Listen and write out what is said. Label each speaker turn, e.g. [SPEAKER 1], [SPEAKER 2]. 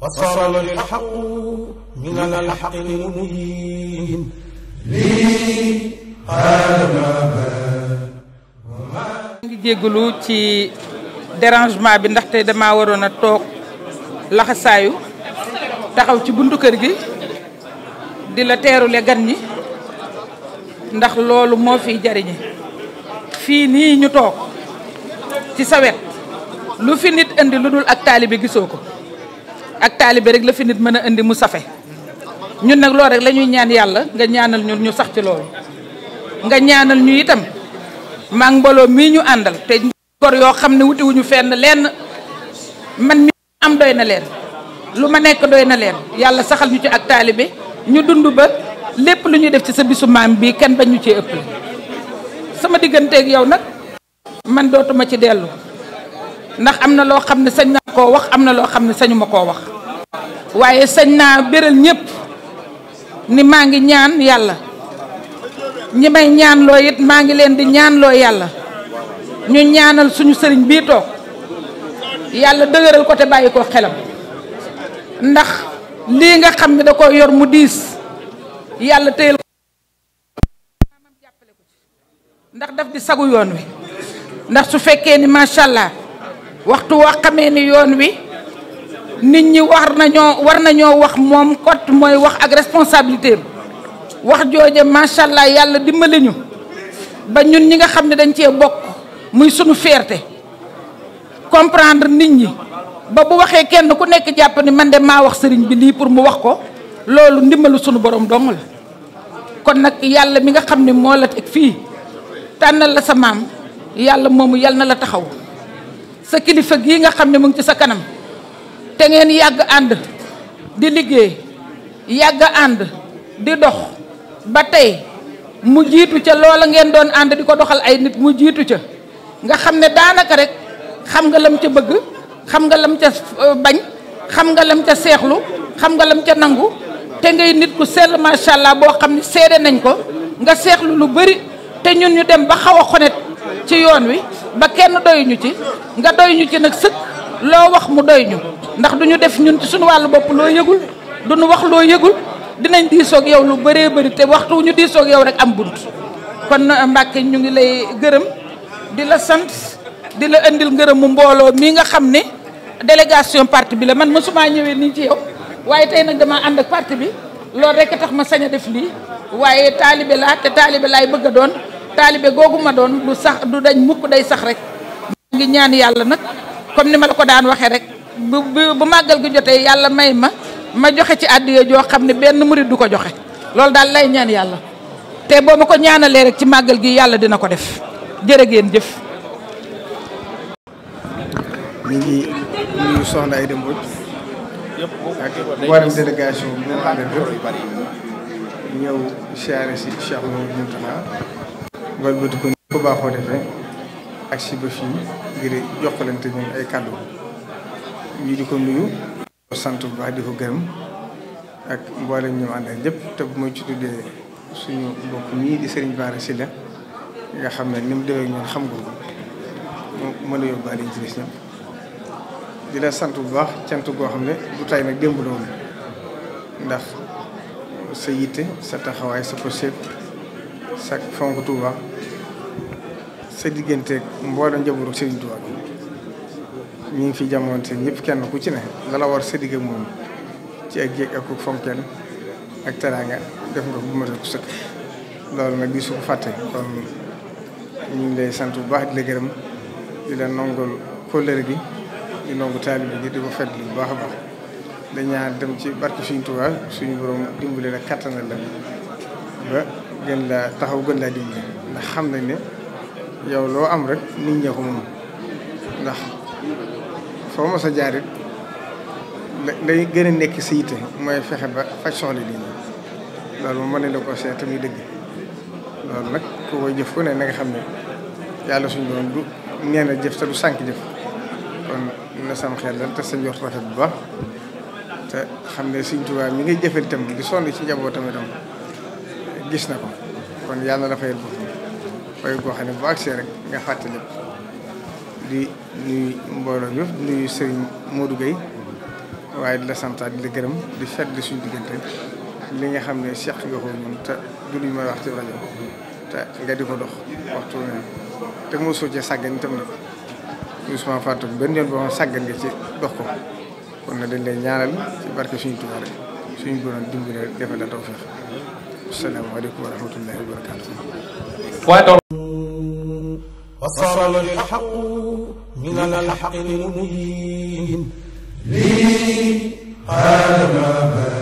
[SPEAKER 1] وصار
[SPEAKER 2] الحق من الحق المبين lii ngi jégalu ci dérangement bi ndaxte dama waroon a toog laxasaayu taxaw ci buntu kër gi di la teerule gan ñi ndax loolu moo fiy jariñe fii nii ñu toog ci sawet lu fi nit indi lu dul ak taalibe gisoo ko ak taalibe rek la fi nit mën a indi mu safe ñun nag loolu rek la ñuy ñaan yàlla nga ñaanal ñun ñu sax ci loolu nga ñaanal ñu itam maa mbooloo mii ñu àndal te gor yoo xam ne wuti fenn lenn man mi am doy na leen lu ma nekk doy na leen yàlla saxal ñu ci ak taalibe ñu dund ba lépp lu ñuy def ci sa bisu maam bii kenn bañ ñu cee ëpp sama digganteeg yow nag man dootuma ci dellu ndax am na loo xam ne sañ na koo wax am na loo xam ne sañu ma koo wax waaye sañ naa béral ñépp ni maa ngi ñaan yàlla ñi may ñaan it maa ngi leen di ñaan yàlla ñu ñaanal suñu sëriñ bii toog yàlla dëgëral ko te bàyyi ko xelam ndax lii nga xam ne da ko yor mu diis yàlla téyel ko maanaam jàppale ndax daf di sagu yoon wi ndax su fekkee ni macha waxtu waa xamee ni yoon wi nit ñi war nañoo war nañoo wax moom kot mooy wax ak responsabilité wax jooje macha allah yàlla dimbali ñu ba ñun ñi nga xam ne dañ cee bokk muy sunu fierté comprendre nit ñi ba bu waxee kenn ku nekk jàpp ni man de maa wax sëriñ bi lii pour mu wax ko loolu ndimbalu sunu borom dong la kon nag yàlla mi nga xam ne moo la teg fii tànnal la sa maam yàlla moomu yàlla na la taxaw. sa kilifa gii nga xam ne mu ngi ci sa kanam te ngeen yàgg ànd di liggéey yàgg ànd di dox ba tey mu jiitu ca loola ngeen doon ànd di ko doxal ay nit mu jiitu ca nga xam ne daanaka rek xam nga lam ca bëgg xam nga lam ca euh, bañ xam nga lam ca seexlu xam nga lam ca nangu te ngay nit ku sell macha allah boo xam ne seede nañ ko nga seexlu lu bëri te ñun ñu dem ba xaw a xonet ci yoon wi ba kenn doy ci nga doy ci nag sëkk loo wax mu doy ndax du ñu def ñun ci suñu wàll bopp loo yëgul du nu wax loo yëgul dinañ diisoog yow lu bëree bari te waxtu wu ñu diisoog yow rek am bunt kon uh, Mbàkke ñu ngi lay gërëm di la sant di la indil ngërëmu mbooloo mi nga xam ni délégation parti bi la man mësuma ñëwee nii ci yow waaye tey nag dama ànd ak parti bi loolu rek tax ma sañ a def lii waaye taalibe laa te taalibe laay bëgg doon taalibe googu ma doon du sax du dañ mukk day sax rek maa ngi ñaan yàlla nag comme ni ma la ko daan waxee rek bu bu màggal gi jotee yàlla may ma ma joxe ci àddiya joo xam ne benn murit du ko joxe loolu daal lay ñaan yàlla te boo ma ko ñaanalee rek ci màggal gi yàlla dina ko def jërë geen jëf
[SPEAKER 1] ñu ngi nuyu soxna Aïda Mbodj
[SPEAKER 2] ak mboolem délégation bi ñu àndal
[SPEAKER 1] ñëw walbati ko ni ko baaxoo defee ak si ba fii ngir jokkalante ñun ay kàddu ñu di ko nuyu sant bu baax di ko gërëm ak mboolem ñu àndal ñëpp te bu ma ci tuddee suñu mbokk mii di Serigne Bara Sylla nga xam ne ni mu demee ñun xam nga ko mën a yóbbaale ci des ñëpp sant bu baax cant goo xam ne du tay nag démb la ndax sa yitte sa taxawaay sa posté sa fonk Tuuba sa digganteeg mboolem njabootu Serigne Touba ñu ngi fi jamonte ñëpp kenn ku ci ne la la war sa digg moom ci ak jéeg ak ku ak teraanga def nga bu matal ko sëkk loolu nag di su ko fàtte kon ñu ngi lay sant bu baax di la gërëm di la nongol kóllëre gi di nongu taalib gi di ko fedd bu baax a baax dañaa dem ci barke Serigne Touba suñu borom dimbale la kattanal la ba gën laa taxaw gën laa dimbale ndax xam nañ ne yow loo am rek nit ñee ko moom ndax foo ma sa jaarit lay gën a nekk sa yitte mooy fexe ba faj soxla nit ñi loolu mën ne la ko seet muy dëgg loolu nag ku koy jëf ku ne na xam ne yàlla suñ doon du nee na jëf te du sànq jëf kon na sam xel dal te sa njort rafet bu baax te xam ne Sëriñ Tuubaa mi ngay jëfal itam di sonn ci njabootam itam gis na ko kon yàlla la fayal boppam waaye boo xam ne bu àggsee rek nga fàtte lépp di nuyu mbooloo yëpp di nuyu Serigne Modou waaye di la santaat di la gërëm di fedd suñ diggante li nga xam ne seq nga ko ñun te du luñ may wax ci rajo te nga di ko dox waxtu wu ne te mosoo cee sàggan itam nag doucement fàtte benn yoon boo xam sàggan nga ci dox ko kon na dañ lay ñaanal ci barke suñu Tuubaa suñu borom dimbali defal la tawfeex asalaamaaleykum wa rahmatullahi wa barakaatu.
[SPEAKER 2] وصار الحق من الحق المبين لي قال ما بال